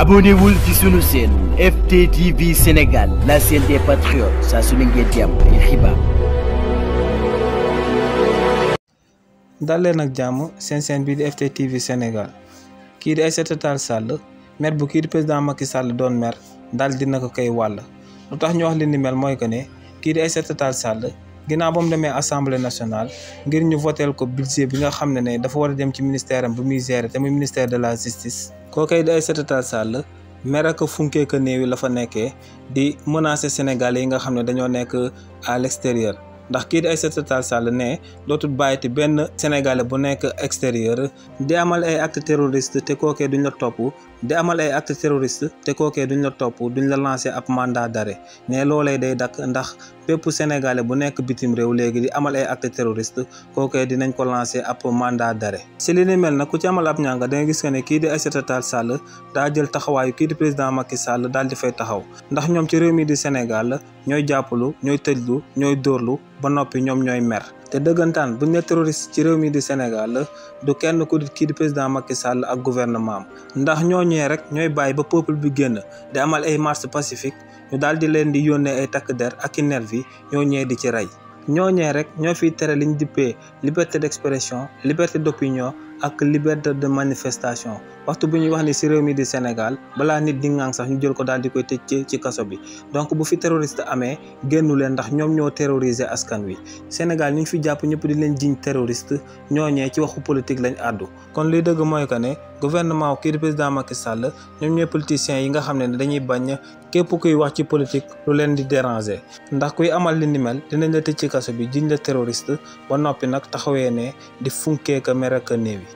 abonnewul ci sunu chaîne FTTV Sénégal la chaîne des patriotes saa su ne ngeen di am ay xibaar. leen ak jàmm seen seen bii di FTTV Sénégal kii di Aïssata Tall sàll mer bu kii di président Macky sàll doon mer daal dina ko koy wàll lu tax ñu wax li ni mel mooy que ne kii di Aïssata Tall Sall. ginnaaw ba mu demee assemblée nationale ngir ñu voteel ko budget bi nga xam ne ne dafa war a dem ci ministère am bu muy te muy ministère de la justice. kookay di Aïssata Tall Sall mer ak funkee ka la fa nekkee di menacer Sénégalais yi nga xam ne dañoo nekk à ndax kii di Aïssata Tall Sall ne dootul bàyyiti benn sénégalais bu nekk extérieur di amal ay actes terroristes te la topp di amal ay actes te kookee duñ la topp duñ la lancer ab mandat d'arrêt loolee day dakk ndax bépp sénégalais bu nekk bitim réew léegi di amal ay acte terroriste kookee dinañ ko lancé ab mandat d'arrêt si li ni mel nag ku ci amal ab ñanga danga gis que ne kii di Aïssata Tall Sall daa jël taxawaayu kii di président Macky Sall daal di fay taxaw ndax ñoom ci réew mi di Sénégal ñooy jàppalu ñooy tëjlu ñooy dóorlu ba noppi ñoom ñooy mer te dëggantaan bu ne terroriste ci réew mi di Sénégal du kenn ku di kii di président Macky Sall ak gouvernement ndax ñoo ñooñee rek ñooy bàyyi ba peuple bi génn di amal ay marche pacifique ñu daal di leen di yónnee ay takk der ak i nervi ñooñee di ci rey ñoo ñooñee rek ñoo fi tere liñ dippee liberté d'expression liberté d'opinion ak liberté de manifestation waxtu bu ñuy wax ni si réew mi di Sénégal balaa nit di ŋang sax ñu jël ko daal di koy tëj ci kaso bi donc bu fi terroriste amee génnu leen ndax ñoom ñoo terroriser askan wi Sénégal ñu ngi fi jàpp ñëpp di leen jiñ terroriste ñooñee ci waxu politique lañ àddu kon liy dëgg mooy que ne gouvernement kii di président Macky Sall ñoom ñooy politiciens yi nga xam ne dañuy bañ képp kuy wax ci politique lu leen di déranger ndax kuy amal li ni mel dinañ la tëj ci kaso bi jiñ la terroriste ba noppi nag taxawee ne di funkeeka meraka néew yi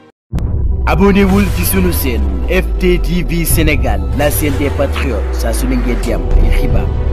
Abonnez-vous Abonnez-vous nous chaîne FTTV Sénégal la chaîne des patriotes Ça, c'est